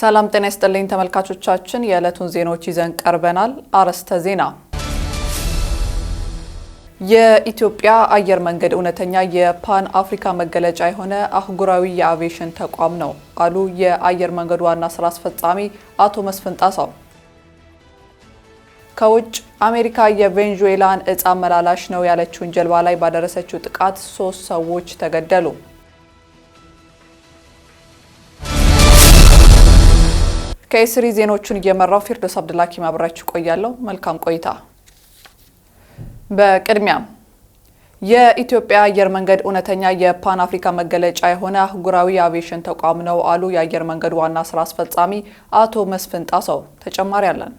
ሰላም ጤና ይስጥልኝ ተመልካቾቻችን፣ የዕለቱን ዜናዎች ይዘን ቀርበናል። አርዕስተ ዜና። የኢትዮጵያ አየር መንገድ እውነተኛ የፓን አፍሪካ መገለጫ የሆነ አህጉራዊ የአቪዬሽን ተቋም ነው አሉ የአየር መንገድ ዋና ስራ አስፈጻሚ አቶ መስፍን ከውጭ አሜሪካ የቬንዙዌላን እፃ መላላሽ ነው ያለችውን ጀልባ ላይ ባደረሰችው ጥቃት ሶስት ሰዎች ተገደሉ። ከኤስሪ ዜናዎቹን እየመራው ፊርዶስ አብድላኪ ማብራችሁ ቆያለሁ። መልካም ቆይታ። በቅድሚያ የኢትዮጵያ አየር መንገድ እውነተኛ የፓን አፍሪካ መገለጫ የሆነ አህጉራዊ አቪዬሽን ተቋም ነው አሉ የአየር መንገዱ ዋና ስራ አስፈጻሚ አቶ መስፍን ጣሰው። ተጨማሪ አለን።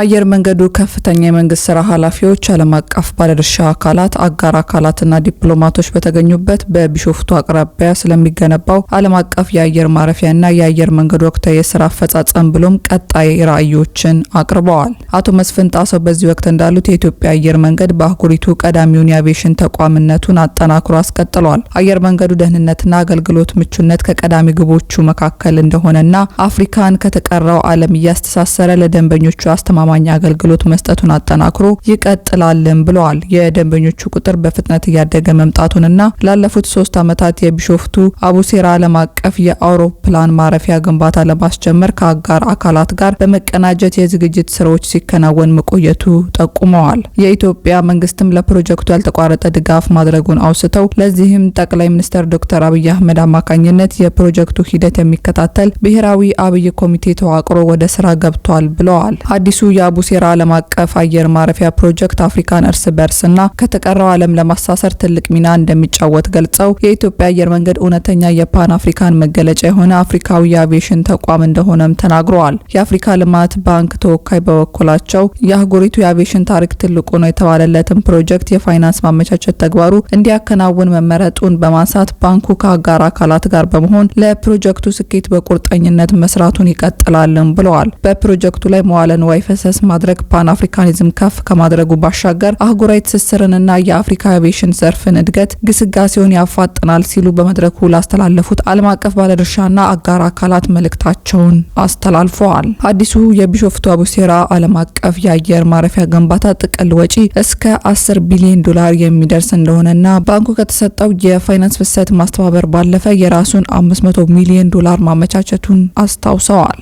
አየር መንገዱ ከፍተኛ የመንግስት ስራ ኃላፊዎች፣ ዓለም አቀፍ ባለድርሻ አካላት፣ አጋር አካላትና ዲፕሎማቶች በተገኙበት በቢሾፍቱ አቅራቢያ ስለሚገነባው ዓለም አቀፍ የአየር ማረፊያና የአየር መንገድ ወቅታዊ የስራ አፈጻጸም ብሎም ቀጣይ ራዕዮችን አቅርበዋል። አቶ መስፍን ጣሰው በዚህ ወቅት እንዳሉት የኢትዮጵያ አየር መንገድ በአህጉሪቱ ቀዳሚውን የአቪዬሽን ተቋምነቱን አጠናክሮ አስቀጥሏል። አየር መንገዱ ደህንነትና አገልግሎት ምቹነት ከቀዳሚ ግቦቹ መካከል እንደሆነና አፍሪካን ከተቀረው ዓለም እያስተሳሰረ ለደንበኞቹ አስተማ አስተማማኝ አገልግሎት መስጠቱን አጠናክሮ ይቀጥላልን ብለዋል። የደንበኞቹ ቁጥር በፍጥነት እያደገ መምጣቱንና ላለፉት ሶስት ዓመታት የቢሾፍቱ አቡሴራ ዓለም አቀፍ የአውሮፕላን ማረፊያ ግንባታ ለማስጀመር ከአጋር አካላት ጋር በመቀናጀት የዝግጅት ስራዎች ሲከናወን መቆየቱ ጠቁመዋል። የኢትዮጵያ መንግስትም ለፕሮጀክቱ ያልተቋረጠ ድጋፍ ማድረጉን አውስተው ለዚህም ጠቅላይ ሚኒስትር ዶክተር አብይ አህመድ አማካኝነት የፕሮጀክቱ ሂደት የሚከታተል ብሔራዊ አብይ ኮሚቴ ተዋቅሮ ወደ ስራ ገብቷል ብለዋል። አዲሱ የአቡሴራ ዓለም አቀፍ አየር ማረፊያ ፕሮጀክት አፍሪካን እርስ በርስና ከተቀረው ዓለም ለማሳሰር ትልቅ ሚና እንደሚጫወት ገልጸው የኢትዮጵያ አየር መንገድ እውነተኛ የፓን አፍሪካን መገለጫ የሆነ አፍሪካዊ የአቪዬሽን ተቋም እንደሆነም ተናግረዋል። የአፍሪካ ልማት ባንክ ተወካይ በበኩላቸው የአህጉሪቱ የአቪዬሽን ታሪክ ትልቁ ነው የተባለለትን ፕሮጀክት የፋይናንስ ማመቻቸት ተግባሩ እንዲያከናውን መመረጡን በማንሳት ባንኩ ከአጋር አካላት ጋር በመሆን ለፕሮጀክቱ ስኬት በቁርጠኝነት መስራቱን ይቀጥላልም ብለዋል። በፕሮጀክቱ ላይ መዋለ ንዋይ ዳሰስ ማድረግ ፓን አፍሪካኒዝም ከፍ ከማድረጉ ባሻገር አህጉራዊ ትስስርንና የአፍሪካ አቪዬሽን ዘርፍን እድገት ግስጋሴውን ያፋጥናል ሲሉ በመድረኩ ላስተላለፉት ዓለም አቀፍ ባለድርሻና አጋር አካላት መልእክታቸውን አስተላልፈዋል። አዲሱ የቢሾፍቱ አቡሴራ ዓለም አቀፍ የአየር ማረፊያ ግንባታ ጥቅል ወጪ እስከ 10 ቢሊዮን ዶላር የሚደርስ እንደሆነና ባንኩ ከተሰጠው የፋይናንስ ፍሰት ማስተባበር ባለፈ የራሱን 500 ሚሊዮን ዶላር ማመቻቸቱን አስታውሰዋል።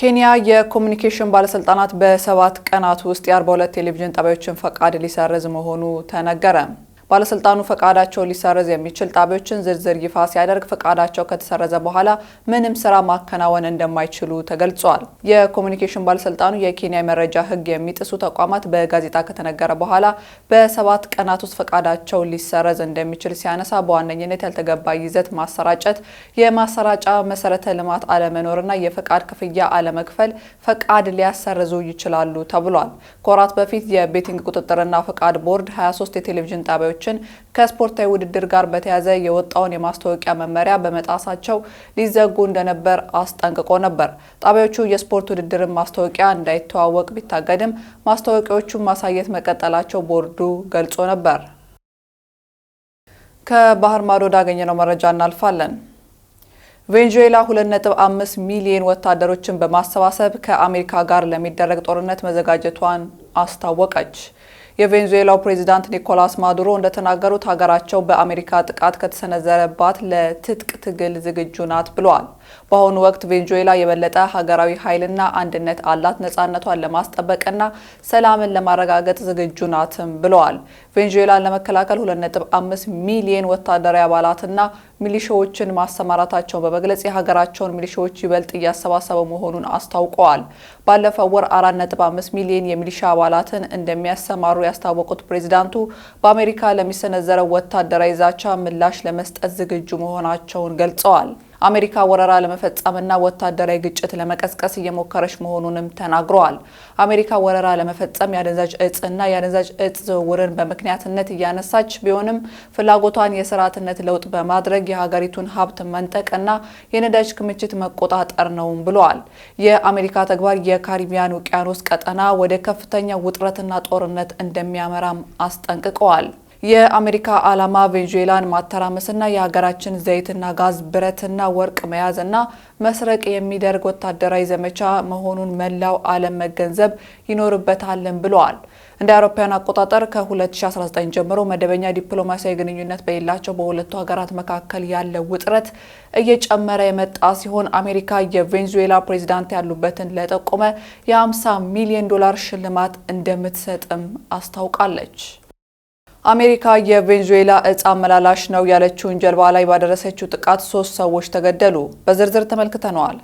ኬንያ የኮሚኒኬሽን ባለስልጣናት በሰባት ቀናት ውስጥ የ42 ቴሌቪዥን ጣቢያዎችን ፈቃድ ሊሰርዝ መሆኑ ተነገረ። ባለስልጣኑ ፈቃዳቸው ሊሰረዝ የሚችል ጣቢያዎችን ዝርዝር ይፋ ሲያደርግ ፈቃዳቸው ከተሰረዘ በኋላ ምንም ስራ ማከናወን እንደማይችሉ ተገልጿል። የኮሚኒኬሽን ባለስልጣኑ የኬንያ መረጃ ህግ የሚጥሱ ተቋማት በጋዜጣ ከተነገረ በኋላ በሰባት ቀናት ውስጥ ፈቃዳቸው ሊሰረዝ እንደሚችል ሲያነሳ በዋነኝነት ያልተገባ ይዘት ማሰራጨት፣ የማሰራጫ መሰረተ ልማት አለመኖርና የፈቃድ ክፍያ አለመክፈል ፈቃድ ሊያሰርዙ ይችላሉ ተብሏል። ከወራት በፊት የቤቲንግ ቁጥጥርና ፈቃድ ቦርድ 23 የቴሌቪዥን ጣቢያዎች አሰልጣኞችን ከስፖርታዊ ውድድር ጋር በተያያዘ የወጣውን የማስታወቂያ መመሪያ በመጣሳቸው ሊዘጉ እንደነበር አስጠንቅቆ ነበር። ጣቢያዎቹ የስፖርት ውድድርን ማስታወቂያ እንዳይተዋወቅ ቢታገድም ማስታወቂያዎቹን ማሳየት መቀጠላቸው ቦርዱ ገልጾ ነበር። ከባህር ማዶ ወዳገኘነው መረጃ እናልፋለን። ቬንዙዌላ 2.5 ሚሊዮን ወታደሮችን በማሰባሰብ ከአሜሪካ ጋር ለሚደረግ ጦርነት መዘጋጀቷን አስታወቀች። የቬንዙዌላው ፕሬዚዳንት ኒኮላስ ማዱሮ እንደተናገሩት ሀገራቸው በአሜሪካ ጥቃት ከተሰነዘረባት ለትጥቅ ትግል ዝግጁ ናት ብለዋል። በአሁኑ ወቅት ቬንዙዌላ የበለጠ ሀገራዊ ኃይልና አንድነት አላት፣ ነጻነቷን ለማስጠበቅና ሰላምን ለማረጋገጥ ዝግጁ ናትም ብለዋል። ቬንዙዌላን ለመከላከል 2.5 ሚሊዮን ወታደራዊ አባላትና ሚሊሻዎችን ማሰማራታቸውን በመግለጽ የሀገራቸውን ሚሊሻዎች ይበልጥ እያሰባሰበ መሆኑን አስታውቀዋል። ባለፈው ወር 4.5 ሚሊዮን የሚሊሻ አባላትን እንደሚያሰማሩ ያስታወቁት ፕሬዚዳንቱ በአሜሪካ ለሚሰነዘረው ወታደራዊ ዛቻ ምላሽ ለመስጠት ዝግጁ መሆናቸውን ገልጸዋል። አሜሪካ ወረራ ለመፈጸምና ወታደራዊ ግጭት ለመቀስቀስ እየሞከረች መሆኑንም ተናግረዋል። አሜሪካ ወረራ ለመፈጸም የአደንዛዥ እጽና የአደንዛዥ እጽ ዝውውርን በምክንያትነት እያነሳች ቢሆንም ፍላጎቷን የስርዓትነት ለውጥ በማድረግ የሀገሪቱን ሀብት መንጠቅና የነዳጅ ክምችት መቆጣጠር ነውም ብለዋል። የአሜሪካ ተግባር የካሪቢያን ውቅያኖስ ቀጠና ወደ ከፍተኛ ውጥረትና ጦርነት እንደሚያመራም አስጠንቅቀዋል። የአሜሪካ ዓላማ ቬንዙዌላን ማተራመስና የሀገራችን ዘይትና ጋዝ ብረትና ወርቅ መያዝና መስረቅ የሚደርግ ወታደራዊ ዘመቻ መሆኑን መላው ዓለም መገንዘብ ይኖርበታልን ብለዋል። እንደ አውሮፓውያን አቆጣጠር ከ2019 ጀምሮ መደበኛ ዲፕሎማሲያዊ ግንኙነት በሌላቸው በሁለቱ ሀገራት መካከል ያለው ውጥረት እየጨመረ የመጣ ሲሆን አሜሪካ የቬንዙዌላ ፕሬዚዳንት ያሉበትን ለጠቆመ የ50 ሚሊዮን ዶላር ሽልማት እንደምትሰጥም አስታውቃለች። አሜሪካ የቬንዙዌላ እጽ አመላላሽ ነው ያለችውን ጀልባ ላይ ባደረሰችው ጥቃት ሶስት ሰዎች ተገደሉ። በዝርዝር ተመልክተነዋል።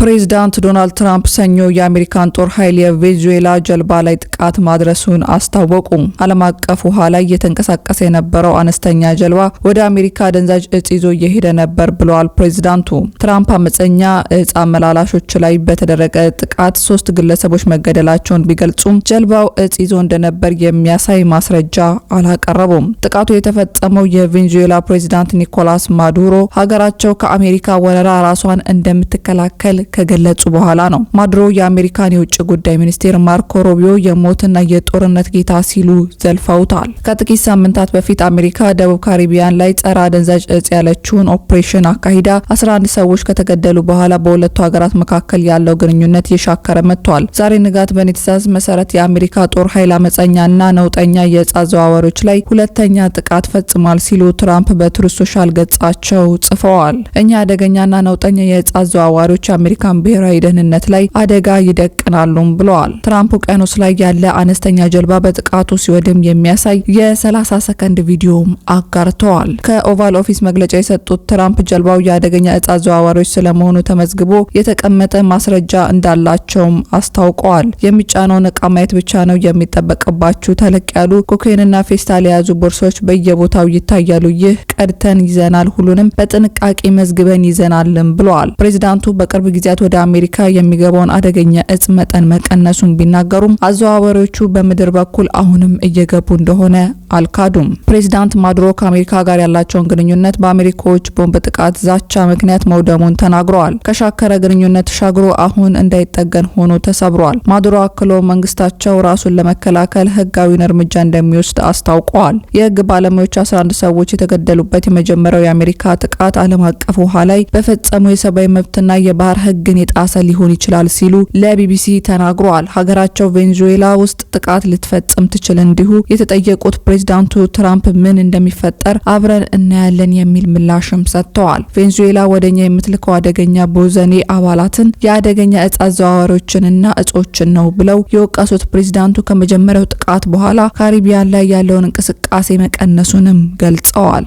ፕሬዚዳንት ዶናልድ ትራምፕ ሰኞ የአሜሪካን ጦር ኃይል የቬንዙዌላ ጀልባ ላይ ጥቃት ማድረሱን አስታወቁ። ዓለም አቀፍ ውሃ ላይ እየተንቀሳቀሰ የነበረው አነስተኛ ጀልባ ወደ አሜሪካ ደንዛጅ እጽ ይዞ እየሄደ ነበር ብለዋል ፕሬዚዳንቱ። ትራምፕ አመፀኛ እጽ አመላላሾች ላይ በተደረገ ጥቃት ሶስት ግለሰቦች መገደላቸውን ቢገልጹም ጀልባው እጽ ይዞ እንደነበር የሚያሳይ ማስረጃ አላቀረቡም። ጥቃቱ የተፈጸመው የቬንዙዌላ ፕሬዚዳንት ኒኮላስ ማዱሮ ሀገራቸው ከአሜሪካ ወረራ ራሷን እንደምትከላከል ከገለጹ በኋላ ነው። ማድሮ የአሜሪካን የውጭ ጉዳይ ሚኒስቴር ማርኮ ሮቢዮ የሞትና የጦርነት ጌታ ሲሉ ዘልፈውታል። ከጥቂት ሳምንታት በፊት አሜሪካ ደቡብ ካሪቢያን ላይ ጸረ አደንዛዥ እጽ ያለችውን ኦፕሬሽን አካሂዳ 11 ሰዎች ከተገደሉ በኋላ በሁለቱ ሀገራት መካከል ያለው ግንኙነት እየሻከረ መጥቷል። ዛሬ ንጋት በኔትዛዝ ትዕዛዝ መሰረት የአሜሪካ ጦር ኃይል አመፀኛና ነውጠኛ የእጽ አዘዋዋሪዎች ላይ ሁለተኛ ጥቃት ፈጽሟል ሲሉ ትራምፕ በትሩዝ ሶሻል ገጻቸው ጽፈዋል። እኛ አደገኛና ነውጠኛ የእጽ አዘዋዋሪዎች በአሜሪካን ብሔራዊ ደህንነት ላይ አደጋ ይደቅናሉም ብለዋል። ትራምፕ ውቅያኖስ ላይ ያለ አነስተኛ ጀልባ በጥቃቱ ሲወድም የሚያሳይ የ30 ሰከንድ ቪዲዮም አጋርተዋል። ከኦቫል ኦፊስ መግለጫ የሰጡት ትራምፕ ጀልባው የአደገኛ እጽ አዘዋዋሪዎች ስለመሆኑ ተመዝግቦ የተቀመጠ ማስረጃ እንዳላቸውም አስታውቀዋል። የሚጫነውን እቃ ማየት ብቻ ነው የሚጠበቅባችሁ። ተለቅ ያሉ ኮኬንና ፌስታል የያዙ ቦርሶች በየቦታው ይታያሉ። ይህ ቀድተን ይዘናል፣ ሁሉንም በጥንቃቄ መዝግበን ይዘናልም ብለዋል። ፕሬዚዳንቱ በቅርብ ጊዜ ጊዜያት ወደ አሜሪካ የሚገባውን አደገኛ እጽ መጠን መቀነሱን ቢናገሩም አዘዋዋሪዎቹ በምድር በኩል አሁንም እየገቡ እንደሆነ አልካዱም። ፕሬዚዳንት ማዱሮ ከአሜሪካ ጋር ያላቸውን ግንኙነት በአሜሪካዎች ቦምብ ጥቃት ዛቻ ምክንያት መውደሙን ተናግረዋል። ከሻከረ ግንኙነት ተሻግሮ አሁን እንዳይጠገን ሆኖ ተሰብሯል። ማዱሮ አክሎ መንግስታቸው ራሱን ለመከላከል ህጋዊን እርምጃ እንደሚወስድ አስታውቀዋል። የህግ ባለሙያዎች 11 ሰዎች የተገደሉበት የመጀመሪያው የአሜሪካ ጥቃት ዓለም አቀፍ ውሃ ላይ በፈጸሙ የሰብአዊ መብትና የባህር ህግ ሕግን የጣሰ ሊሆን ይችላል ሲሉ ለቢቢሲ ተናግረዋል። ሀገራቸው ቬንዙዌላ ውስጥ ጥቃት ልትፈጽም ትችል እንዲሁ የተጠየቁት ፕሬዚዳንቱ ትራምፕ ምን እንደሚፈጠር አብረን እናያለን የሚል ምላሽም ሰጥተዋል። ቬንዙዌላ ወደኛ የምትልከው አደገኛ ቦዘኔ አባላትን የአደገኛ እጽ አዘዋዋሪዎችንና እጾችን ነው ብለው የወቀሱት ፕሬዚዳንቱ ከመጀመሪያው ጥቃት በኋላ ካሪቢያን ላይ ያለውን እንቅስቃሴ መቀነሱንም ገልጸዋል።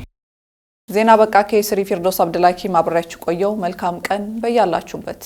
ዜና በቃ ከስሪ ፊርዶስ አብድላኪ ማብሪያችሁ ቆየው። መልካም ቀን በያላችሁበት